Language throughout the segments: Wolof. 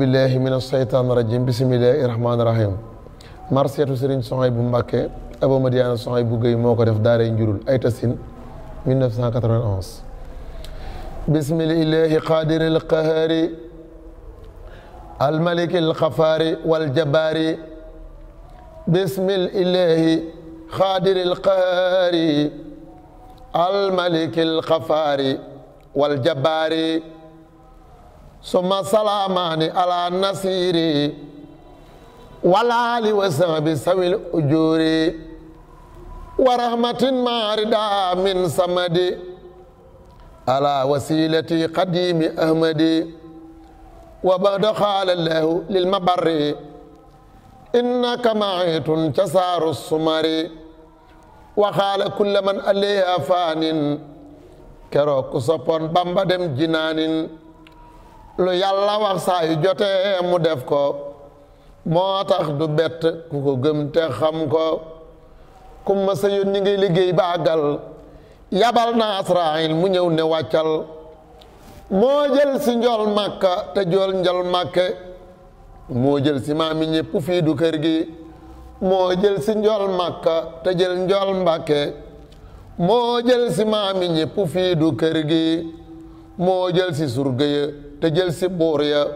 billahi min alsheytan irajim bisimillahi rahmanirahim bu mbàkke abo madiana soxay bu géy moo ko def daaray njurul ay tasin 1991 bismillahi qadiri alqahari almaliki alxafaari waljabaari bismillahi qadiri alqahari almaliki alxafaari waljabaari summa salaamaani ala nasiiri walaali wa sabi sawil ujuuri wa rahmatin maarida min samadi ala wasilati qadiimi ahmadi wa bada xaala lahu lil mabarri innaka maitun casaaru sumari wa xaala kulla man alayha faanin keroog ku soppoon bamba dem jinaanin lu yàlla wax saa yu jotee mu def ko moo tax du bett ku ko gëm te xam ko ku ma sa yoon ñi ngi liggéey baagal yabal na Israayil mu ñëw ne wàccal moo jël si njool màkka te jool njal màkke moo jël si maami ñépp fii du kër gi moo jël si njool màkka te jël njool mbàkke moo jël si maami ñépp fii du kër gi moo jël si surga ya te jël si buur ya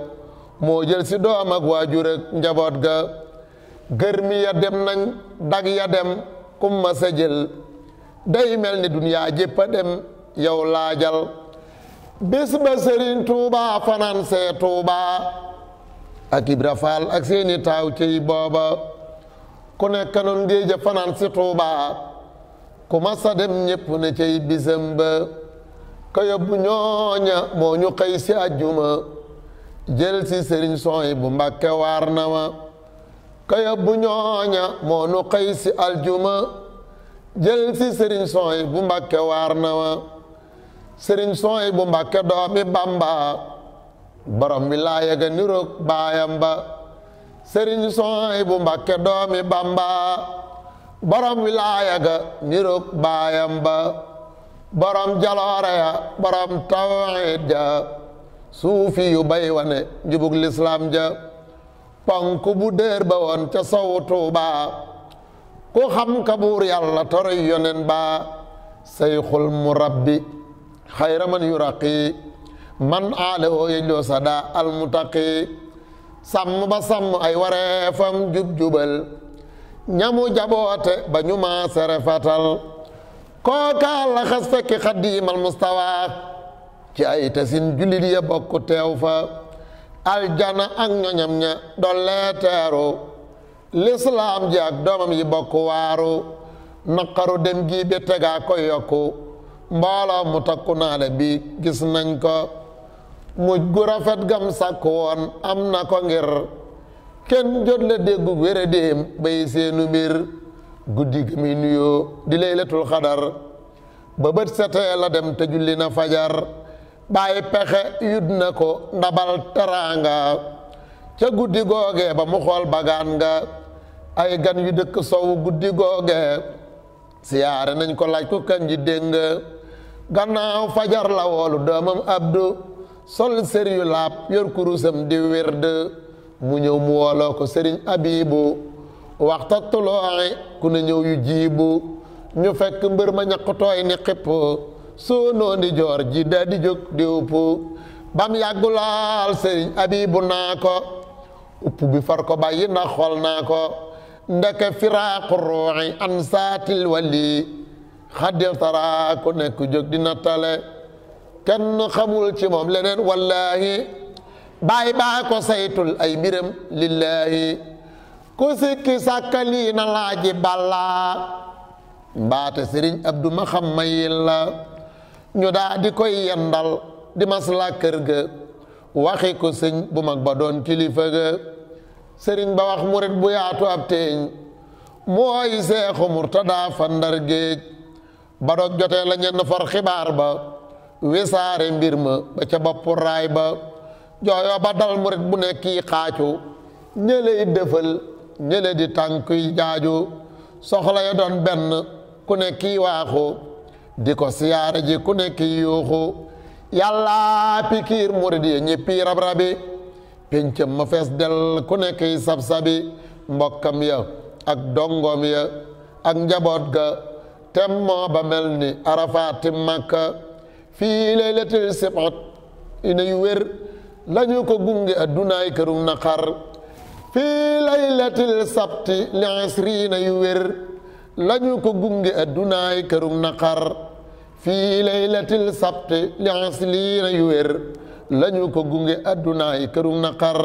moo jël si doom ak waajur ak njaboot ga gërmi ya dem nañ dag ya dem kumma sa jël day mel ni duniyaa jëpp dem yow laajal bés ba sëriñ tuuba fanaan see tuuba ak ibra faal ak seeni taaw ciy booba ku nekk noon géej fanaan si tuuba ku ma dem ñépp na ciy bisam ba ka yóbbu ñooña moo ñu xëy si àjjuma jël si sëriñ sooy bu mbàkke ka yóbbu ñooña moo ñu xëy aljuma jël si sëriñ sooy bu mbàkke waar na ma sëriñ sooy bu mbàkke doomi borom bi laa yega niroog baayam ba sëriñ sooy bu mbàkke doomi borom wi laa yega niroog baayam ba borom jaloore ya borom tawxiid ja suufi yu bay wane njubug lislaam ja ponk bu déer ba woon ca sow tuuba ku xam ka buur yàlla toroy yonen ba sayxul murabbi xayra man yuraqi man aale oo yejloo sada almutaqi sàmm ba sàmm ay wareefam jub-jubal ñamu jaboote ba ñu maase refatal kooka la xas fekki xaddiimal mustawa ci ay tasin jullit ya bokk teew fa aljana ak ñoñam ña dollee teeru lislaam ji ak doomam yi bokk waaru naqaru dem gi bi tegaa ko yokku mbooloo mu takku naale bi gis nañ ko muj gu rafet gam sàkk woon am na ko ngir kenn jot la déggu wéradéem bay seenu mbir guddi gi muy nuyoo di laylatul xadar ba bët setee la dem te julli na fajar bàyyi pexe yud na ko ndabal teraanga ca guddi googee ba mu xool bagaan nga ay gan yu dëkk sow guddi googee siyaare nañ ko laaj ko kan ji dégg gannaaw fajar la woolu doomam abdu sol sër yu laab yor kurusam di wird mu ñëw mu wooloo ko sëriñ abibu waxta tulooxe ku ne ñëw yu jiibu ñu fekk mbër ma ñaq tooy ni xipp soo noo joor ji daal di jóg di upp bam yàggu laal sëriñ abibu naa ko bi far ko bàyyi na xool naa ko ndeke firaaqu ruuxi an saatil wali xaddir taraa ku nekk jóg di nattale kenn xamul ci moom leneen wallaahi bàyyi baa ko saytul ay mbiram lillaahi ku sikki sàkka lii na laaji ballaa mbaate sëriñ abdu ma xam ma yil ñu daa di koy yendal di maslaa kër ga waxi ko sëñ bu mag ba doon kilifa ga sëriñ ba wax murit bu yaatu ab teeñ mooy seexu murtadaa fandar géej ba doog jotee la ñenn for xibaar ba wisaare mbir ma ba ca boppu raay ba jooyoo ba dal murit bu nekk yi xaacu ñëlay dëfal ñële di tànkuy jaaju soxla ya doon benn ku ne kii waaxu di ko siyaare ji ku ne kii yuuxu yàllaa pikiir murid yi ñëppi rab-rabi pincam ma fees del ku nekk kiy sab-sabi mbokkam ya ak dongoom ya ak njaboot ga tem moo ba mel ni arafaati makka fii laylatil sibat ina yu wér lañu ko gunge addunaay kërum naqar fii laylatil sabti li isriina yu wér lañu ko gunge addunaay kërum naqar fii laylatil sabti li isriina yu wér ko gunge addunaay kërum naqar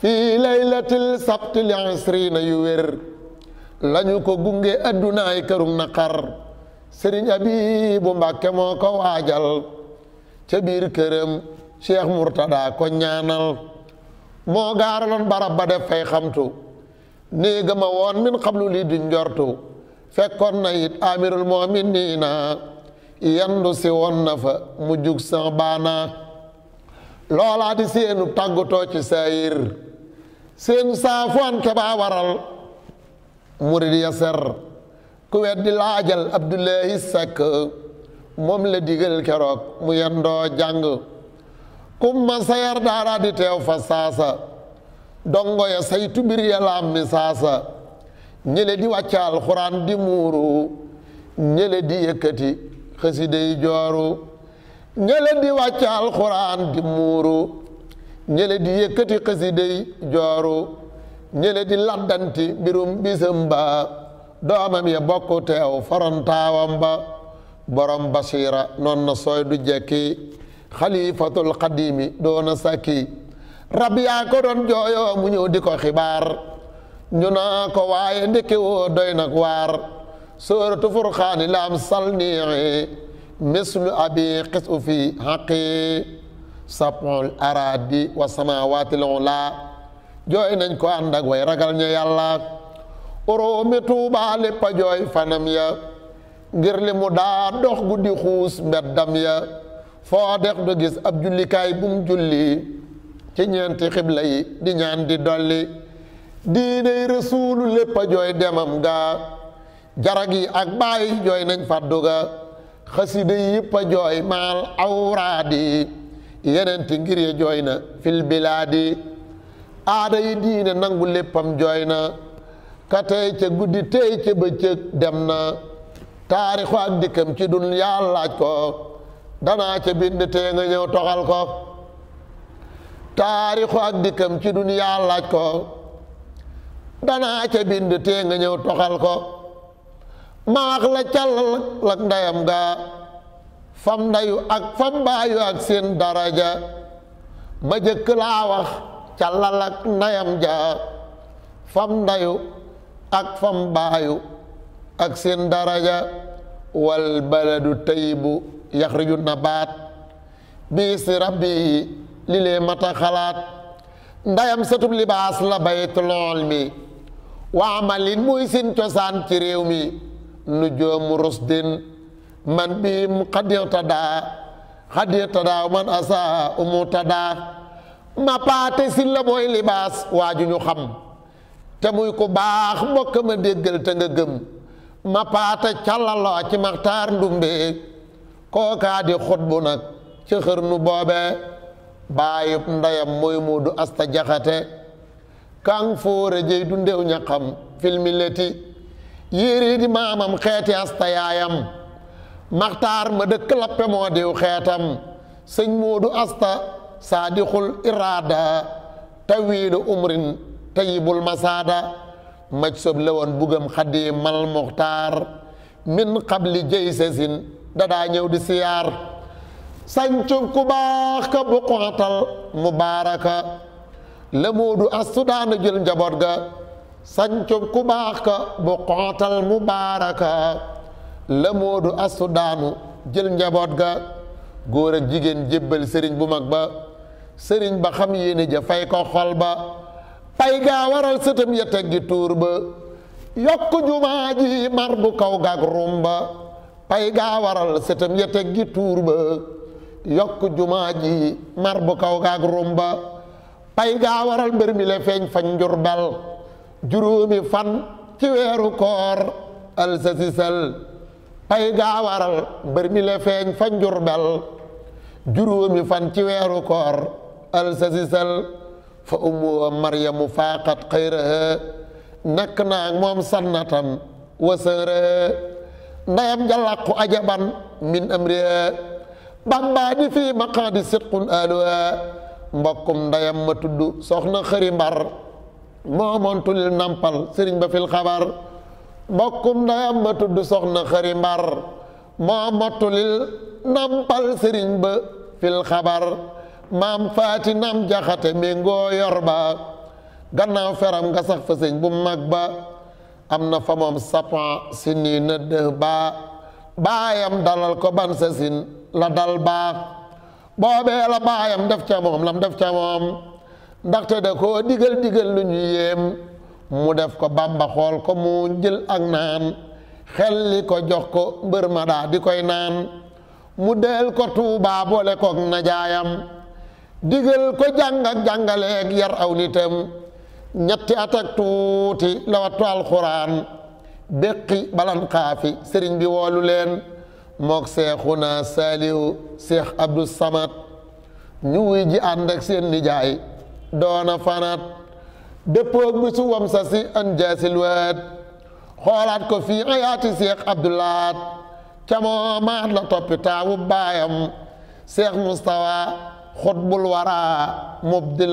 fii laylatil sabti li isriina yu wér lañu ko gunge addunaay kërum naqar sëriñ abibu mbàkke moo ko waajal ca biir këram cheikh murtada ko ñaanal moo gaaraloon barab ba def fay xamtu néega ma woon min xablu lii di njortu fekkoon na it amirul mu'miniina yandu si woon na fa mu jug sa baana loolaati seenu tàggutoo ci sayir seen saafoonte baa waral murid ya ser ku weddi laajal abdullahi sakk moom la digal keroog mu yendoo jàng kumma sayar daara di teew fa saasa dongo ya saytu bir ya laammi saasa ñële di wàcca alxuraan di muuru ñële di yëkkati xasida jooru ñële di wàcca alxuraan di muuru ñële di yëkkati xasida jooru ñële di laddanti mbirum bisam doomam ya bokku teew farontaawam borom basira noon na sooy du jekki xalifatul xadimi doona sakki rab yaa ko doon jooyoo mu ñëw di ko xibaar ñu naa ko waaye ndekki woo doy nag waar suuratu furqaani la am salnii mislu abi xis u fi xaqi sapol aradi wa samawaatil ula jooy nañ ko ànd ak way ragal ña yàlla uroomi tuubaa léppa jooy fanam ya ngir li mu daa dox guddi xuus mbeddam ya foo dex du gis ab jullikaay bum mu julli ci ñeenti xibla yi di ñaan di dolli diiney rasuulu lépp a jooy demam ga jarag yi ak bàyyi jooy nañ fàddu ga xasida yi yëpp a jooy maal awraadi yeneenti ngir ya jooy na fil bilaadi aada yi diine nangu léppam jooy na ka tey ca guddi tey ca bëccëg dem na taarixu ak dikkam ci dun yaa ko danaa ca bind tee nga ñëw toxal ko taarixu ak dikkam ci duniyaa laaj ko danaa ca tee nga ñëw toxal ko maax la càllal lak ndeyam gaa fam ndayu ak fam baayu ak seen daraja ma jëkk laa wax càllal ak ndeyam jaa fam ndayu ak fam baayu ak seen daraja wal baladu tayyibu yaxriju nabaat bi si rabbi li mata xalaat ndayam satub libaas la bayit lool mi waa malin muy sin cosaan ci réew mi nu joomu rusdin man biim xadir tadaa xadir tadaa man asa umu tadaa ma paate si mooy libaas waaju ñu xam te muy ko baax mbokk ma déggal te nga gëm ma paate callaloo ci maxtaar ndumbe kookaa di xutbu nag ci xërnu boobee baayub ndeyam mooy muudu asta jaxate kang fóora jëy du ndew ñaxam filmileti yéerii di maamam xeeti asta yaayam maxtaar ma dëkk lappe moo diw xeetam sëñ muudu asta saadixul iraada tawiilu umrin tayibul masaada maj sob la woon buggam xadiimal muxtaar min qabli jëy sesin dadaa ñëw di siyaar sancub ku baax ka bu xootal mubaaraka la astu daana jël njaboot ga sancub ku baax ka bu xootal mubaaraka la astu daanu jël njaboot ga góor jigéen jébbal sëriñ bu mag ba sëriñ ba xam yéene ja fay ko xol ba pay gaa waral sëtam ya teggi tuur ba yokk jumaa ji mar bu kaw gag rumba pay gaa waral sëtam ya gi tuur ba yokk jumaa ji mar bu kaw gaag rumba pay gaa waral mbër mi le feeñ fañ njur bal juróomi fan ci weeru koor al sa pay gaa waral mbër mi le feeñ fañ njur bal juróomi fan ci weeru koor al sa sisal fa ummuwa maryamu faaqat xayraha nakk naag moom sannatam wa sëraha ndeyam jalàqu ajaban min amri bamba di fii maqaadi sidqun aluwa mbokkum ndeyam ma tudd soxna xëri mbar moomoon tulil nampal sëriñ ba fil xabar mbokkum ndeyam ma tudd soxna xëri mbar moomo tulil nampal sëriñ ba fil xabar maam faati jaxate mi ngoo yor ba gannaaw feram nga sax fa sëñ bu mag ba am na fa moom sappan si nii na dëx baa baayam dalal ko ban sin la dal baax boobee la baayam def ca moom lam def ca moom ndaxte da koo digal digal lu ñu yéem mu def ko bàmba xool ko mu jël ak naan xel ko jox ko mbër ma daa di koy naan mu del ko tuubaa boole koog najaayam digal ko jàng ak yar aw nitam ñetti at ak tuuti la wattu alxuraan déqi balan xaafi sëriñ bi woolu leen mook seexuna saalihu seex abdou samad ñu wuy ji ànd ak seen nijaay doona fanat déppoog bi su sa si an jaasilwaat xoolaat ko fii ayaati seex abdoulaat camoo maat la toppi taawu baayam seex mustawa xutbul waraa mubdil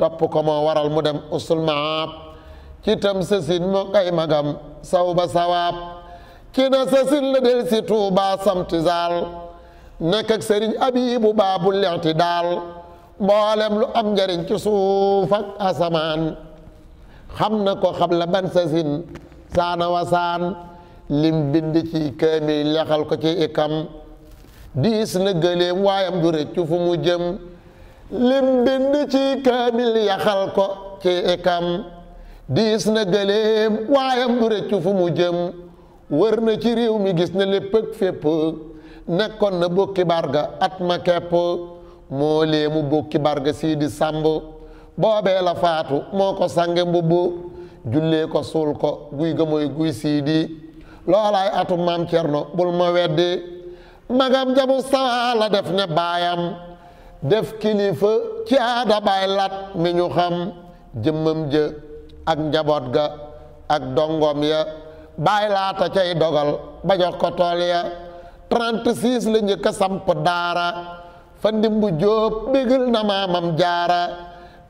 topp ko moo waral mu dem usul maab ci tam sësin moo magam saw ba sawaab ci na sësin la del si tuubaa samtizaal nekk ak sëriñ abiibu baabul lenti daal mboolem lu am njariñ ci suuf asamaan xam na ko xam la ban sësin saana wa lim bind ci këmi lexal ko ci ikam diis na gëleem waayam du rëccu fu mu jëm lim bind ci kaamil yaxal ko ci ikam diis na gëleem waayam du rëccu fu mu jëm wër na ci réew mi gis na lépp ak fépp nekkoon na bokki barga at ma kepp moo leemu bokki barga sii di boobee la faatu moo ko sange mbubbu jullee ko suul ko guy ga mooy guy sii loolaay atu maam cerno bul ma weddi magam jabu sawa def ne baayam def kilifa ci aada bay lat mi xam jëmmam jë ak njaboot ga ak dongom ya bay laata cay dogal ba jox ko tool ya 36 la njëkk a samp daara fa ndimbu jóob bégal na maamam jaara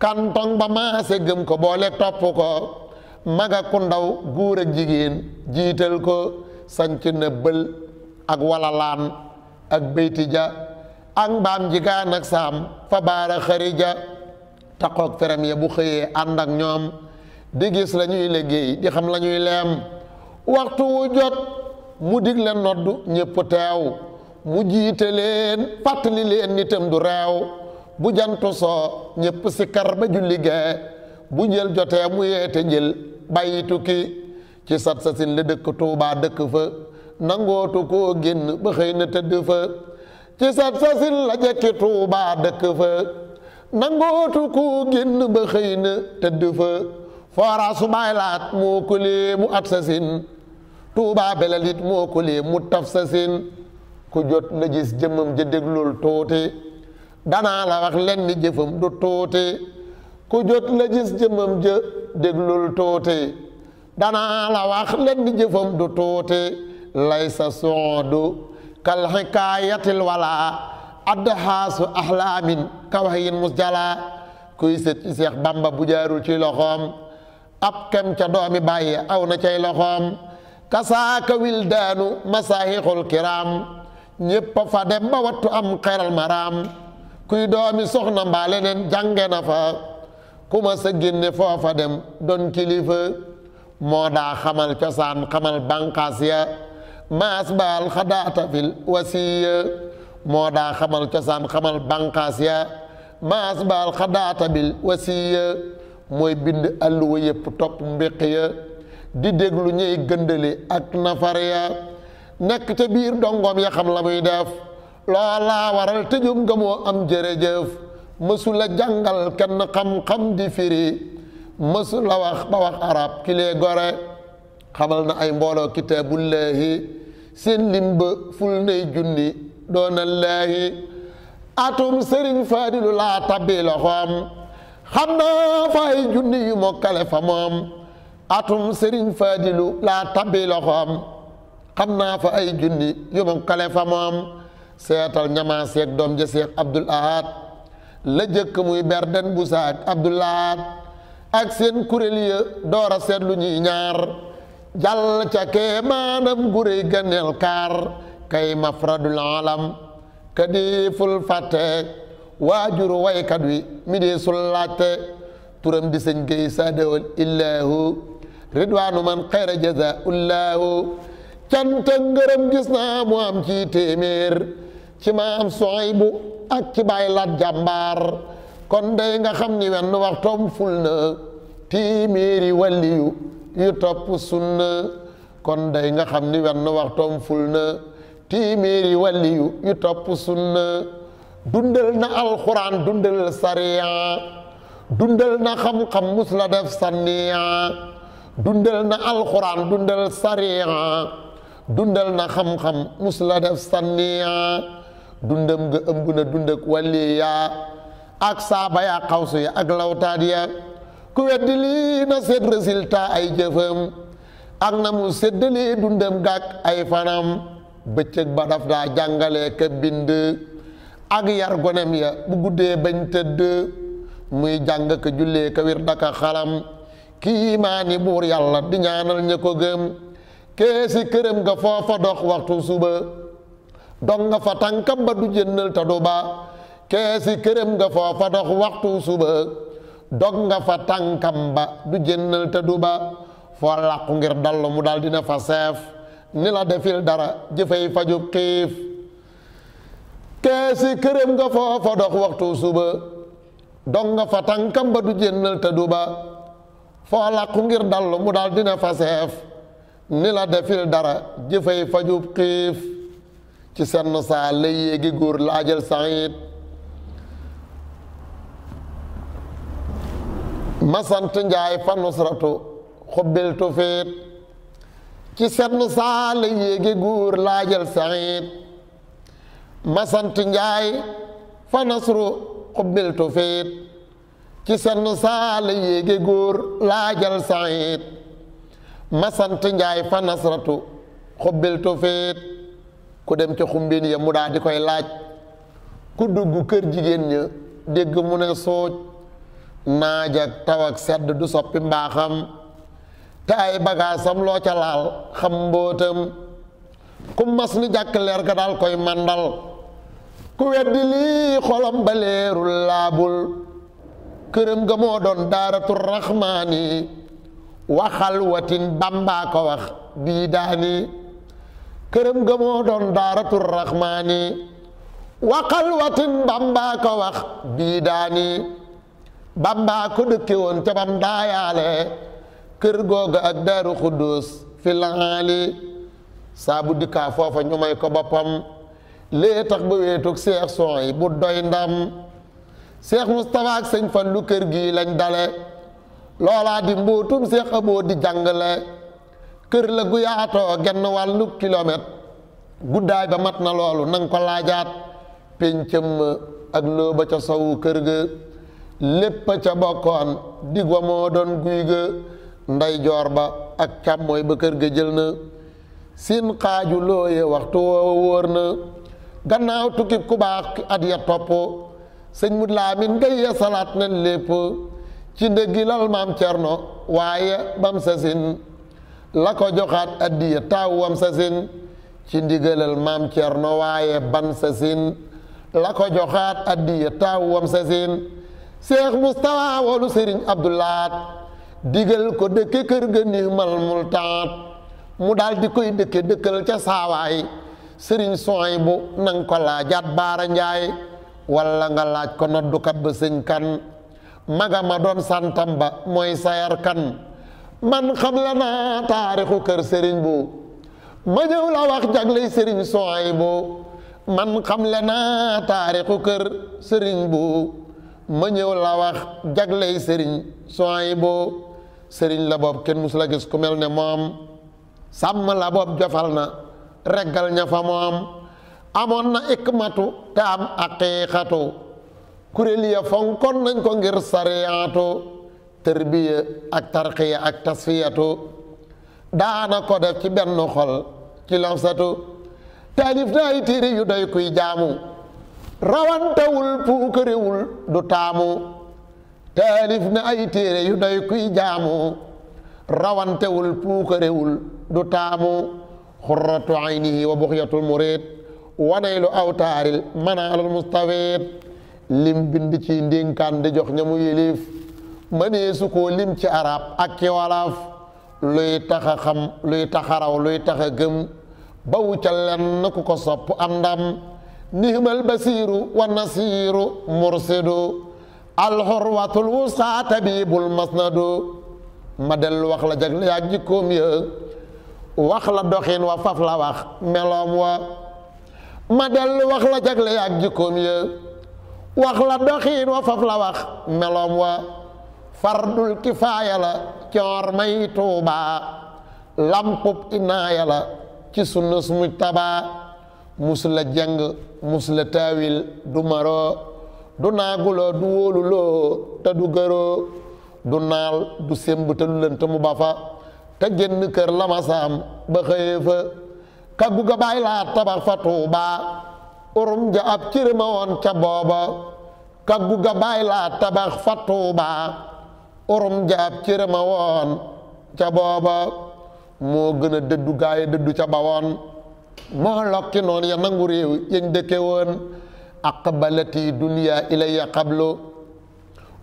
kantong ba maase gëm ko boole topp ko maga ku ndaw góor jigéen jiital ko sanc na bël ak walalaan ak béyti ja ak mbaam jigaan ak saam fa baara xarija taqoog feram ya bu xëyee ànd ak ñoom di gis la ñuy liggéey di xam la ñuy waxtu wu jot mu dig leen nodd ñëpp teew mu jiite leen fàttali leen nitam du reew bu jantu soo ñëpp si kar ba julli gee bu njël jotee mu yeete njël bàyyi tukki ci sat sasin la dëkk Tuubaa dëkk fa nangootu koo génn ba xëy na tëdd fa ci sat sasin la jekki tuuba dëkk fa nangootu ku génn ba xëy na tëdd fa foora su baay laat moo kulee mu at sasin tuuba belalit moo kulee mu taf sasin ku jot jëmmam ja déglul tuuti danaa la wax lenn jëfam du tuuti ku jot jëmmam ja déglul tuuti danaa la wax lenn jëfam du tuuti lay sa soodu kal xikaayatil walaa addxaasu ahlaamin ka wax yin musjalaa kuy sët ci seex bu jaarul ci loxoom ab kem ca doomi bàyyi aw na cay loxoom kasaaka wil daanu masaahixul kiraam ñépp fa dem ba wattu am xeral maraam kuy doomi soxna mbaa leneen jànge na fa ku sa génne foofa dem doon kilifa moo daa xamal cosaan xamal bànqaas ya maas baal xadaata fil wasiya moo daa xamal cosaan xamal bànqaas ya maas baal xadaata wasiya mooy bind àlluwa yëpp topp mbéq ya di déglu ñuy gëndale ak nafar ya nekk ca biir dongoom ya xam la muy def loolaa waral tëjum nga moo am jërëjëf mësula jàngal kenn xam-xam di firi mësula wax ba wax arab ki gore xamal na ay mbooloo kitaabullaahi seen limba ful nay junni doonallaahi atum sëriñ faadilu laa tabbi loxoom xam naa fa ay junni yu mokkale fa moom atum sëriñ faadilu laa tabbi loxoom xam naa fa ay junni yu mokkale fa moom seetal ñamaa seeg doom ja abdul ahad la jëkk muy berden bu saak abdul ahad ak seen kuréel ya door a seetlu ñuy ñaar jàll ca kee maanam guréy ganeel kaar kay mafradul alam ka di ful fàtte waajur waykat wi mi dee sul turam di sëñ gay sadawal illaahu ridwaanu man xayra jaza ullaahu canta ngërëm mu am ci téeméer ci maam Suhaybu ak ci baay laat jàmbaar kon day nga xam ni wenn waxtoom ful na téeméeri wàlliyu ngir topp sunna kon day nga xam ni wenn waxtoom ful na tiimiiri waliyu yu topp sunna dundal na alxuraan dundal sariya dundal na xam-xam mus def sànniya dundal na alxuraan dundal sariya dundal na xam-xam mus la def sànniya dundam nga ëmb na dund ak ak saaba ya xawsu ak lawtaat ya ku weddi lii na seet résultat ay jëfam ak na mu séddalee dundam gàkk ay fanam bëccëg ba daf daa jàngale ka bind ak yar gonem ya bu guddee bañ tëdd muy jàng ka jullee ka wir daka xalam kii buur yàlla di ñaanal ña ko gëm kee këram nga foofa dox waxtu suba dog nga fa tànkam ba du jënnal ta du ba kee këram nga foofa dox waxtu suba dog nga fa tànkam ba du jënnal te du ba foo làqu ngir dallu mu daal dina fa seef ni la defil dara jëfey fajub xiif keesi këram nga foofa dox waxtu suba dog nga fa tànkam ba du jënnal te du ba foo làqu ngir dallu mu daal dina fa seef ni la defil dara jëfey fajub xiif ci senn saa lay yéegi góor laajal sànit masant sant njaay fa nusratu xubbil tufiit ci senn saa la yéegi laajal saxiit ma njaay fa nasru xubbil tufiit ci senn saa la yéegi guur laajal saxiit ma sant njaay fa nasratu xubbil tufiit ku dem ci xumbin ya mu daa di koy laaj ku dugg kër jigéen ña dégg mu ne sooj naaj ak sedd du soppi mbaaxam te bagaasam loo ca laal xam mbóotam ku mas ni jàkk leer ga daal koy màndal ku weddi lii xolam ba laabul këram ga moo doon daaratu raxmaani waxal watin bambaa wax bii këram ga doon daaratu raxmaani waxal watin bambaa wax bii bamba ko dëkke woon ca bam daayaale kër googa ak daaru xuddus fi laxaali saabu dikkaa foofa ñu may ko boppam lee tax ba weetug seex son yi bu doy ndam seex Moustapha ak sëñ Fallu kër gii lañ dale loolaa di mbootum seex aboo di jàngale kër la gu yaatoo genn wàllu kilomètre guddaay ba mat na loolu nanga ko laajaat péncam ak loo ca sowu kër ga lépp ca bokkoon dig wa moo doon guy ga nday joor ba ak càmmooy ba kër ga jël na sin xaaju looye waxtu woowa wóor na gannaaw tukki ku baax ki at ya topp sëñ mut laamin ngay ya salaat na lépp ci ndëggi lal maam cerno waaye bam sasin la ko joxaat addiya taaw wam sasin ci ndigalal maam cerno waaye ban sasin la ko joxaat addiya taaw wam sasin seex mustawa woolu sëriñ abdulaat digal ko dëkke kër ga niimal multaat mu daldi koy dëkke dëkkal ca saawaay sëriñ soy bu nang ko laajaat baara njaay walla nga laaj ko noddukat ba sëñ kan maga doon santam ba mooy sayar kan man xam naa taarixu kër sëriñ bu ma ñëw la wax jagley sëriñ soy bu man xam la naa taarixu kër sëriñ bu ma ñëw laa wax jagley sëriñ Souhaïbou sëriñ la boob kenn musula gis ku mel ne moom sàmm la boob jofal na reggal ña fa moom amoon na ikmatu te am aqiiqatu kuréel fonkoon nañ ko ngir sariyaatu tërbiya ak tarqiya ak tasfiyatu daana ko def ci benn xol ci lansatu taalif na ay téere yu doy kuy jaamu rawantawul puukarewul du taamu taalif na ay téere yu doy kuy jaamu rawantewul puukarewul du taamu xurratu aynihi wa buxyatul murid wanaylu awtaaril manaalul mustaweet lim bind ci ndénkaan di jox ñamu yilif mënee su koo lim ci arab ak ci walaaf luy tax xam luy taxaraw luy tax a gëm bawu ca lenn ku ko sopp am ndam nihmal basiiru wa nasiiru mursidu alxurwatul wusqa tabibul masnadu ma dellu wax la jagle yaa jikkoom ya wax la doxin wa faf la wax meloom wa la jagle yaa wax la doxin fardul kifaaya la coor may tuubaa lampub inaaya la ci sunnas mujtabaa musula jàng musula taawil du maroo du naaguloo du wóoluloo te du gëroo du naal du semb te du lënt mu bafa te génn kër la ma saam ba xëyee fa kaggu ga bàyyi laa tabax fa tuubaa urum ja ab cër ma woon ca booba kaggu ga bàyyi laa tabax fa tuubaa urum ja ab cër moo gën a dëddu gaay dëddu ca bawoon moo lokki noonu ya nangu réew yañ dëkke woon aqbalati dunya ilayya qablu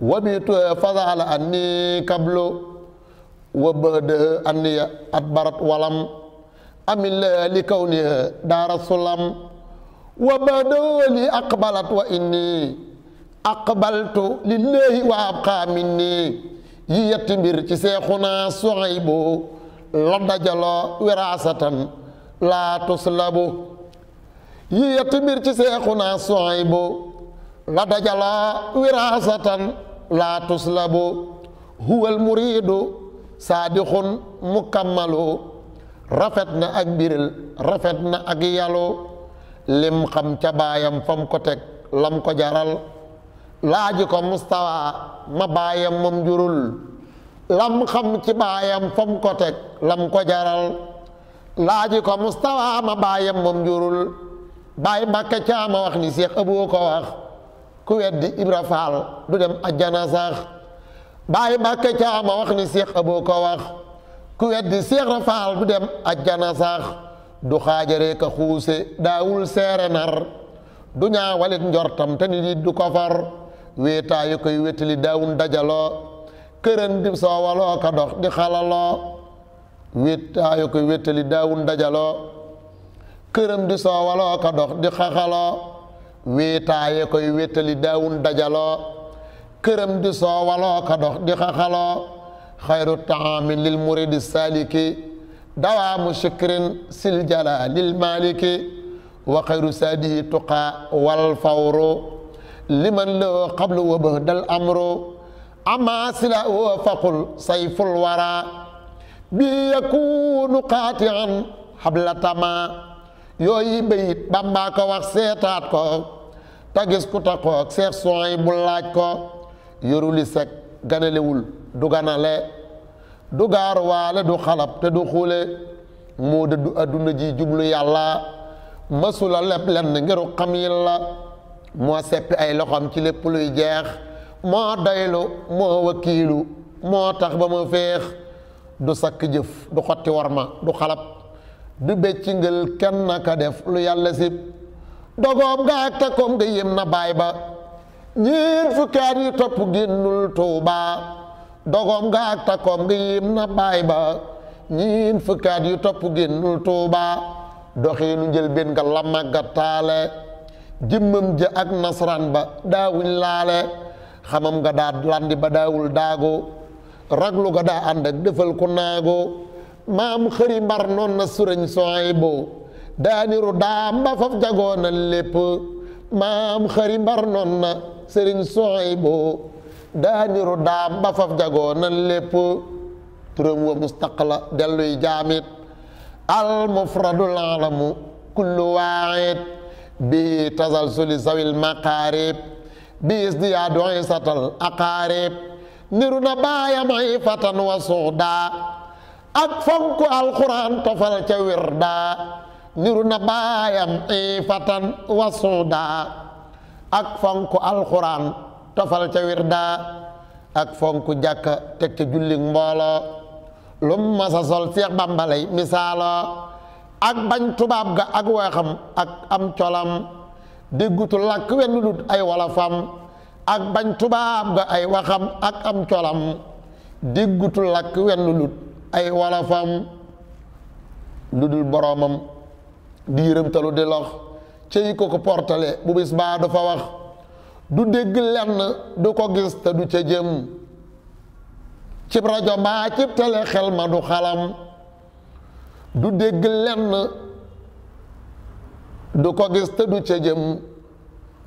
wa bitu fadaala anni qablu wa bada anni adbarat walam amila li kawniha daara sulam wa bada li aqbalat wa inni aqbaltu lillahi wa abqa minni yi yetti mbir ci seexuna Suhaybu la dajaloo wiraasatan laa tuslabu yi yetti mbir ci seexuna Suhaybu la dajala wiraasatan laa tuslabu huwal muriidu saadixun mukammalu rafet na ak mbiril rafet na ak yalu lim xam ca baayam fam ko lam ko jaral laaji ko mustawa ma baayam moom jurul lam xam ci baayam fam ko teg lam ko laaji ko mustawa ma baayam moom jurul baay mbàkke caama wax ni seex aboo ko wax ku weddi ibra faal du dem ajjana sax baay mbàkke caama wax ni seex aboo ko wax ku weddi seex ra faal du dem ajjana sax du xaajare ka xuuse daawul seere nar du ñaawalit njortam te nit yi du ko far wéetaayu koy wétali daawun dajaloo këran di soowaloo ka dox di xalaloo wéttaayo ko wéttali daawun dajaloo këram di soowaloo ka dox di xaxaloo wéetaaye koy wéttali daawun dajaloo këram di soowaloo ka dox di xaxaloo xayru taamin lil muridi saliki dawaamu shikrin sil jalalil maliki wa xayru saadihi tuqa wal fawru liman loo qablu wa bahdal amru ama sila wa faqul sayful wara bi yakunu qaatian habla tama yooyu bayit Bàmbaa ko wax seetaat ko te ku taxoog Seex Suhaybu bu laaj ko yoruli sek ganalewul du ganale du gaaruwaale du xalab te du xuule moo dëddu adduna ji jublu yàlla masula lépp lenn ngiru xam yilla moo seppi ay loxoom ci lépp luy jeex moo daylu moo wakiilu moo tax ba ma féex du sakk jëf du xotti warma du xalab du beccingal kenn naka def lu yàlla sib dogoom nga ak takkoom nga yem na baay ba ñiin fukki at topp génnul Tuuba dogoom nga ak nga yem ba ñiin fukki yi topp génnul Tuuba doxiinu njëlbéen nga lamma ga taale jëmmam ja ak nasran ba daawuñ laale xamam nga daa landi ba daawul daago raglu ga daa ànd ak ku naago maam xëri mbar noon na surañ soy bo daaniru daa mba faf jagoona lépp maam xëri mbar noon na sëriñ soy bo daaniru daa mba faf jagoona lépp turam wa mustaqla delluy jaamit al alamu kullu waahid bi tasalsuli zawil maqaarib bi isdiyaadu isatal aqaarib niru na baayam ay fatan wa suudaa ak fonk alquran tofal ca wirdaa niru na baayam ay fatan wa suudaa ak fonk alquran tofal ca wirdaa ak fonk jàkka teg ca jullig mbooloo lum masa sol Seex Bambalay misaaloo ak bañ tubaab ga ak waxam ak am colam déggutu làkk wenn dut ay wolofam ak mbañ tubaab ga ay waxam ak am colam déggutu lakk wenn lut ay wolofam lu dul boroomam di yërëmtalu di lox cey ko ko portale bu bis baa du wax du dégg lenn du ko gis te du ca jëm cib rajo mbaa cib tele xel ma du xalam du dégg lenn du ko gis te du ca jëm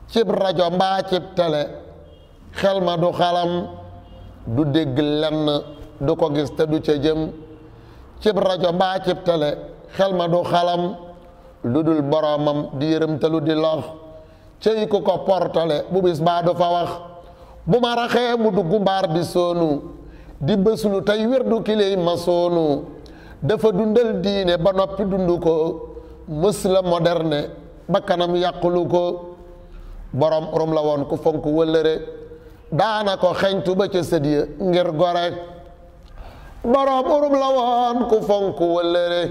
cib rajo mbaa cib tele xel ma du xalam du dégg lenn du ko gis te du ca jëm cib rajo mbaa cib tele xel ma du xalam lu dul boromam di yërëmtalu di lox cey ku ko portale bu bis baa du fa wax bu ma raxee mu dugg mbaar di soonu di bësulu tey wirdu kiley ma soonu dafa dundal diine ba noppi dund ko mësla moderne ba kanam yàqulu ko borom rum la woon ku fonk wëllëre daanako ko xeñtu ba ca sët ngir gore boroom urub la woon ku fonk wëllëre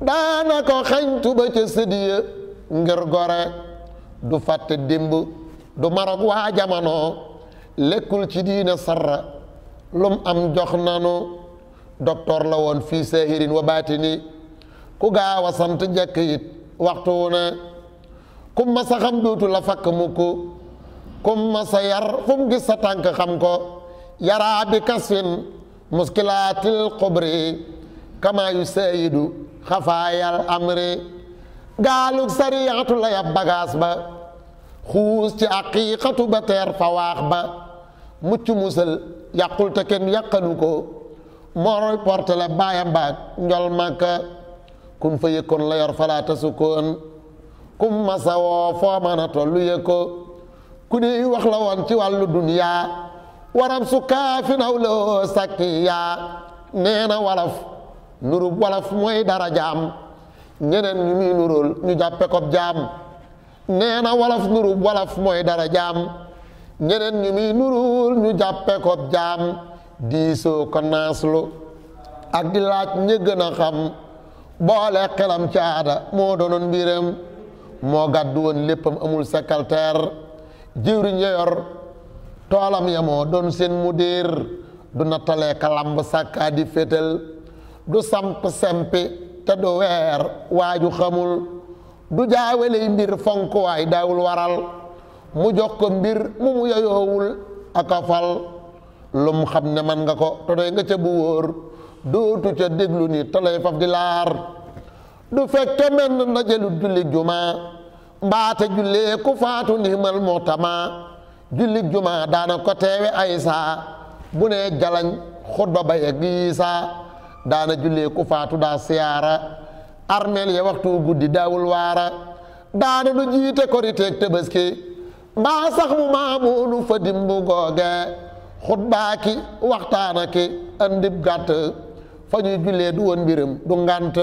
daanako ko xeñtu ba ca sët ya ngir gore du fàtt démb du marog waa jamono lekkul ci diina sarra lum am jox nanu docteur la woon fii sahirin wa baatini ku gaaw a sant jekk it waxtu wu ne ku masa la fakk mukk kum ma yar fu mu tànk xam ko yaraa bi kasfin muskilaatil xubri kama yu sayidu xafaayal amri gaalug sariyatu la yab bagaas ba xuus ci aqiiqatu ba teer fa waax ba mucc musal yàqul te kenn yàqanu ko mooy porte baayam baag njol màkka kun fa yëkkoon la yor falaata sukkoon kum ma woo foo mën a yëkko ku ni wax la woon ci wàllu duniyaa warab su kaafin aw loo sakkiyaa nee na walaf nurub walaf mooy dara jaam ñeneen ñu muy nuróol ñu jàppe ko jaam nee na walaf nurub walaf mooy dara jaam ñeneen ñu muy nuróol ñu jàppe ko jaam diisoo ko naaslu ak di laaj ñi gën a xam boole xelam caada moo doonoon mbiram moo gàddu woon léppam amul secrétaire jiwriñ ya yor toolam ya doon seen mudir du nattalee kalamb sàkkaa di fétal du samp sempi te du weer waaju xamul du jaaweley mbir fonk waay daawul waral mu jox ko mbir mu mu yoyoowul aka fal lum xam ne nga ko te doy nga ca bu wóor dootu ca déglu ni te faf di laar du fekke menn na jëlu julli jumaa mbaate jullee ku faatu nihimal muhtama jullik juma daana ko teewe ay saa bu ne jalañ xutba ba yegg yi saa daana jullee ku faatu daa siyaara armeel ya waxtu guddi daawul waara daana du jiite koriteeg tabaski mbaa sax mu maamuunu fa dimbu googe xutbaa ki waxtaana ki andib gàtt fa ñuy jullee du woon mbiram du ngànt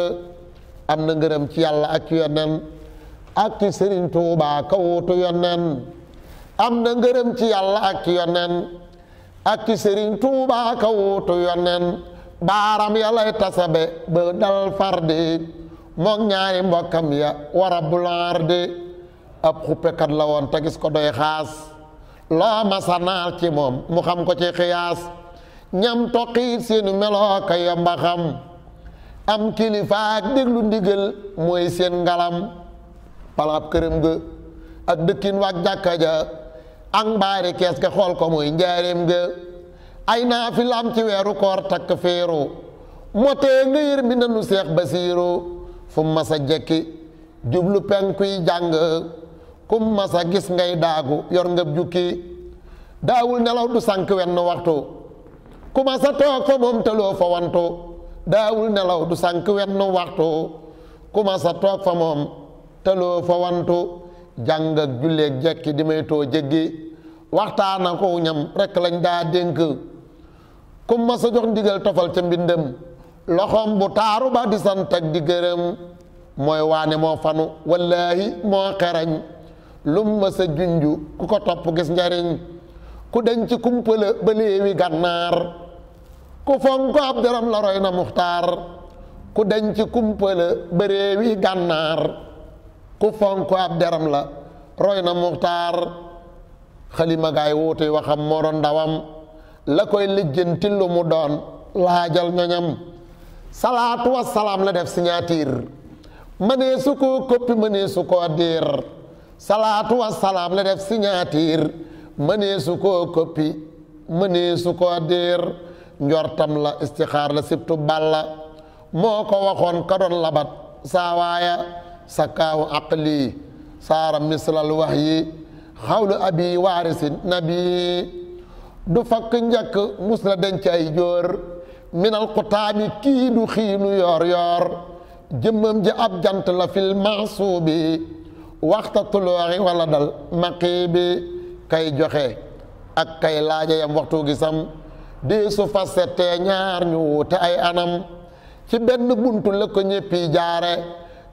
am na ngërëm ci yàlla ak ci ak ci sëriñ tuubaa ka wuutu am na ngërëm ci yàlla ak yoneen ak ci sëriñ tuubaa ka wuutu yoneen baaram ya lay tasabe ba dal fardi mook ñaari mbokkam ya wara bulardi ab xuppekat la woon te gis ko doy xaas loo masa ci moom mu xam ko ci xiyaas ñam toqiit seenu meloo ka xam am kilifaak déglu ndigal mooy seen ngalam palaab këram ga ak dëkkin waak jàkka ja ak mbaari kees ga xool ko muy njaareem ga ay naa fi laam ci weeru koor takk féeru motee nga yër mi nanu seex basiiru fu masa jekki jublu penkuy jàng kum masa gis ngay daagu yor nga jukki daawul nelaw du sànk wenn waxtu ku masa toog fa moom tëloo fa wantu daawul nelaw du sànk wenn waxtu ku masa toog fa moom teloo fa wantu jàng ak julleeg jekki di may too jéggi waxtaana ko ñam rekk lañ daa dénk kum sa jox ndigal tofal ca mbindam loxoom bu taaru ba di sant ak di gërëm mooy waane moo fanu wallaahi moo xerañ lum ma sa junju ku ko topp gis njariñ ku denc kumpala ba léewi gànnaar ku fonko ab deram na muxtaar ku denc kumpala ba réewi gànnaar ku fonk ab deram la roy na muxtaar xalima gaay wuuti moo doon ndawam la koy lijjanti lu mu doon laajal ñoñam salaatu wasalaam la def signature mënee su koo koppi mënee su koo diir salaatu la def signature mënee su la moo ko waxoon ka doon labat saawaaya sakaawu aqli saara mislal wax yi xawlu abi waarisi nabi du fakk njëkk mus la denc ay jóor minal xutaami kii du xiinu yoor yoor jëmmam ji ab jant la fil maasuubi waxta tulooxi wala dal maqii bi kay joxe ak kay laaja yam waxtu gisam di su fasetee ñaar ñu wuute ay anam ci benn buntu la ko jaare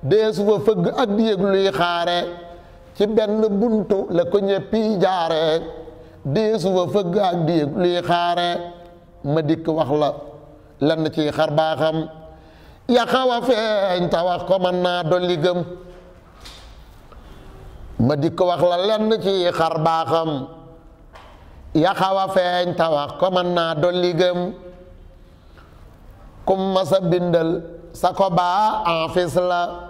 dee fëgg ak di luy xaare ci benn buntu la ko ñëppi jaare dee fëgg ak di luy xaare ma dikk wax la lan ci xar baaxam ya xaw a feeñ wax ko naa dolli gëm ma dikk wax la lenn ci xar baaxam ya xaw a wax ko naa dolli gëm kum sa bindal sa ko baa la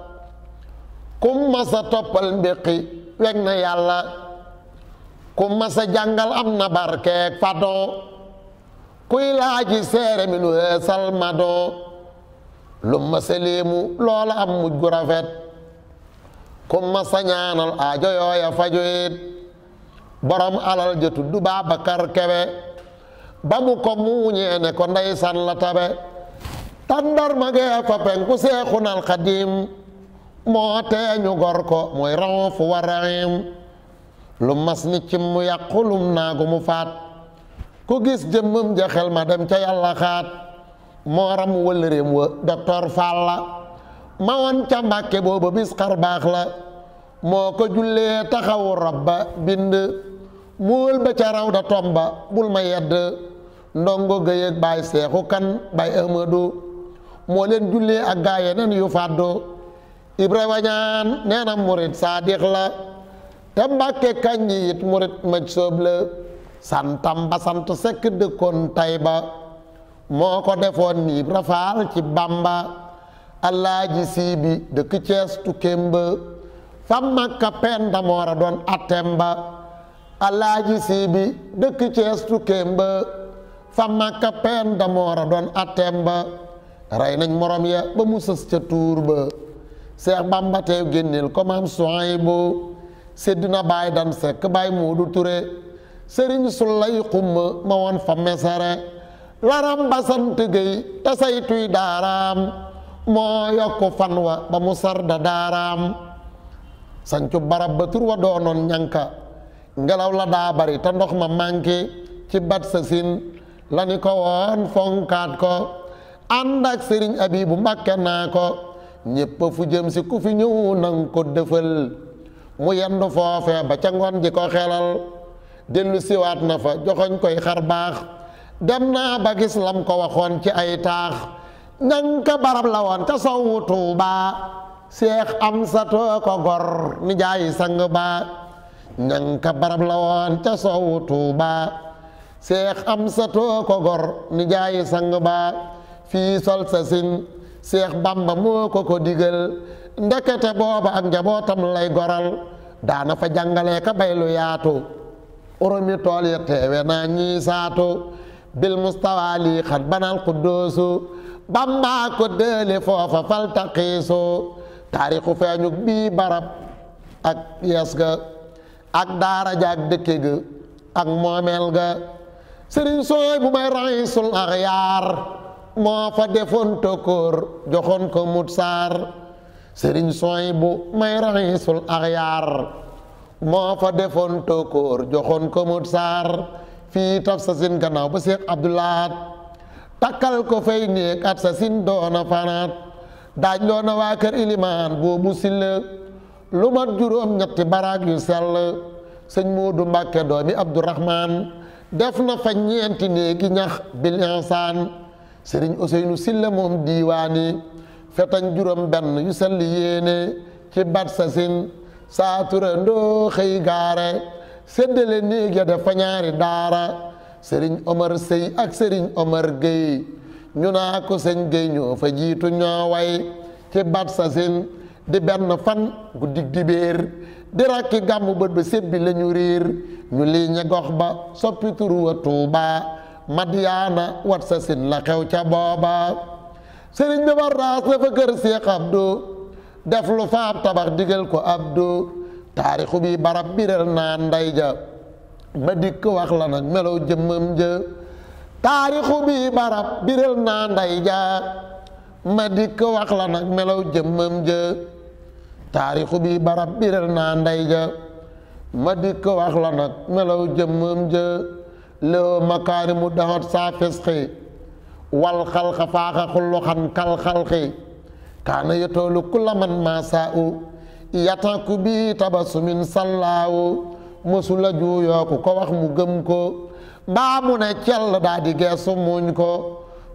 kum masa toppal mbéqi weg na yàlla kum masa jàngal am na barkeeg fado kuy laaji seere mi nu heesal mado lum masa léemu loola am mujj gu rafet kum masa ñaanal aajo yooya fajo it borom alal ja tudd Baabakar Kebe ba mu ko muuñee ne ko ndeysan la tabe tàndar ma gee fa penku seexunal xadim moo tee ñu gor ko mooy rawoon fu war raxiim lu mas ni cim mu yàqu naagu mu faat ku gis jëmmam ja xel ma dem ca yàlla xaat moo ram wëllëreem wa docteur Fall ma woon ca mbàkke booba bis xar baax la moo ko jullee taxawu rabba bind muul ba ca raw da tomba bul ma yedd ndongo géyëg baay seexu kan baay amadu moo leen jullee ak gaay yeneen yu fàddu Ibrahima ñaan nee murit saadix la te Mbàkke kañ it murit maj soob santam ba sant sekk dëkkoon Tayba moo ko defoon niib rafaal ci Bàmba Alaaji Siibi dëkk Cees tukkeem ba fa Makka Penda moora doon attem ba Alaaji Siibi dëkk Cees tukkeem fa Makka Penda moora doon attem ba rey nañ morom ya ba mu sës ca tuur ba Seex Bamba teew génneel ko maam Suhaybu Seydina Baay Dan Sekk Baay Moodu Ture Sëriñ Sulay Xumba ma woon fa mesere laram ba sant Géy te saytuy daaraam moo yokku fan wa ba mu sarda daaraam sancu barab ba tur wa doonoon ñanka ngelaw la daa bari te ndox ma manqué ci bat sa sin ko woon fonkaat ko ànd ak sëriñ Abibu naa ko ñëpp fu jëm si ku fi ñëw nang ko dëfal mu yendu foofe ba ca ngoon ji ko xelal dellu siwaat na fa joxoñ koy xar baax dem naa ba gis lam ko waxoon ci ay taax ñan barab la woon ca sowu Tuuba seex am satoo ko gor ni sang ba la woon ca sowu Tuuba seex am satoo fii sol sa seex bamba moo ko ko digal ndekete booba ak njabootam lay goral daana fa jàngalee ka bay lu yaatu oromi tool ya teewe naa ñii bil mustawa lii banal kuddoosu bambaa ko dële foofa fal taqiisu taarixu feeñuk bii barab ak yes ga ak daara ja ak ga ak moomeel ga sëriñ sooy bu may rayisul axyaar moo fa defoon tokkoor joxoon ko saar sëriñ sooy bu may raxiisul axyaar moo fa defoon tokkoor joxoon ko mut saar fii taf sa sin gannaaw ba seex abdulaat takkal ko fay néeg at sa sin doona fanaat daaj loona waa kër ilimaan boobu silla lu mat juróom ñetti baraag yu sell sëñ Moodu Mbàkke doomi abdourahman def na fa ñeenti néegi ñax bil sëriñ Ousseynou Silla moom diiwaani fetañ juróom benn yu selli yéene ci bat sa sin saa turandoo xëy gaare séddale néeg ya def fa ñaari daara sëriñ Omar Sey ak sëriñ Omar Gueye ñu naa ko sëñ Gueye ñoo fa jiitu ñoo way ci bat sin di benn fan guddig dibéer di rakki gàmmu bët ba sébbi la riir ñu lii ña gox ba soppi turu wa Tuubaa Madiyaana wat sa sin la xew ca booba sëriñ bi war raas na fa kër Seex Abdu def lu faab tabax digal ko Abdu taarixu bi barab biral naa nday ba dikk melow jëmmam ja taarixu bi biral naa nday ja ma dikk wax la nag melow jëmmam ja taarixu bi barab biral naa nday ja ma dikk wax la nag melow jëmmam ja loo makaarimu daxat saa fisqi wal xalqa faaxa xulluxan kal xalqi kaana yetoolu kulla man maasaa u yataku bi tabasumin sallaawu mësula juuyoo ku ko wax mu gëm ko baa mu ne cell daa di geesu muuñ ko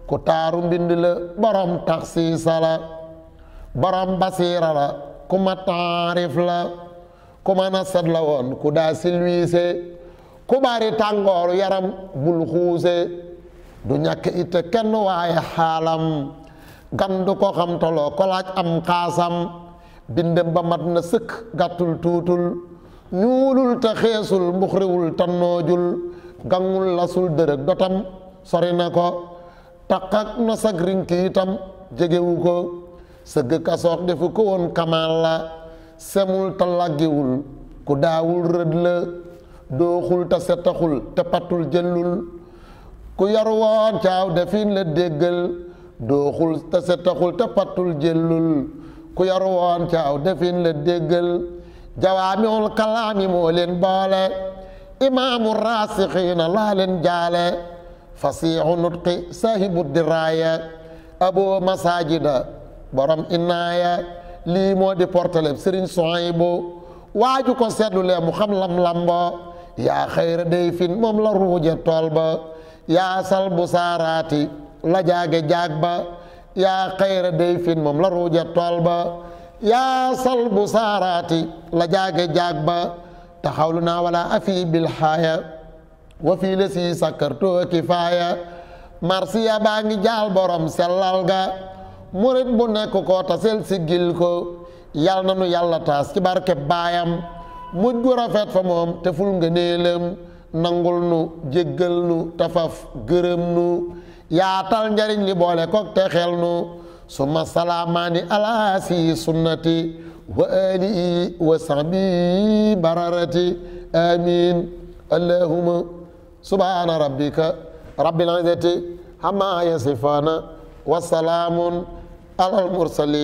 ku taaru mbind la borom taxsiisa la borom basiira la ku ma taarif la ku ma nasat la woon ku daa silwiise ku bari tàngooru yaram bul xuuse du ñàkk itte kenn waaye xaalam gan ko xam toloo ko laaj am xaasam bindem ba mat na sëkk gàttul tuutul ñuulul te xeesul mbuxriwul te noojul gangul lasul dërëg dotam sori na ko taqak na sag rinki itam jegewu ko sëgg kasoog defu ko woon kamaal la semul te laggiwul ku daawul rëd la dooxul te setaxul te pattul jëllul ku yarwaan caaw defin la déggal dooxul te setaxul te pattul jëllul ku yarwaan caaw defin la déggal jawaamiul kalaami moo leen boole imaamu raasixiina laa leen jaale fasiixu nutqi saahibu diraaya aboo masaajida borom inaaya lii moo di portaleb sëriñ Suhaybu waaju ko seetlu xam lam-lamboo yaa xayra day fin moom la ruuja tool yaa sal bu saaraati la jaage jaag ba yaa xayra day fin moom la ruuja tool ba yaa sal bu saaraati la jaage jaag ba taxawlu naa wala afi bilxaaya wa fii la sii sakkartoo kifaaya marsiya baa ngi jaal borom sellal ga murit bu nekk ko tasel siggil ko yal na nu yàlla taas ci barke mujj gu rafet fa moom te ful nga néelam nangul nu jéggal nu tafaf gërëm nu yaatal njariñ li boole kook te xel nu suma salaamaani ala si sunnati wa alihi wa sahbi bararati amin allahuma subhaana rabbika rabbil izzati amma yasifana wa salaamun alal mursalin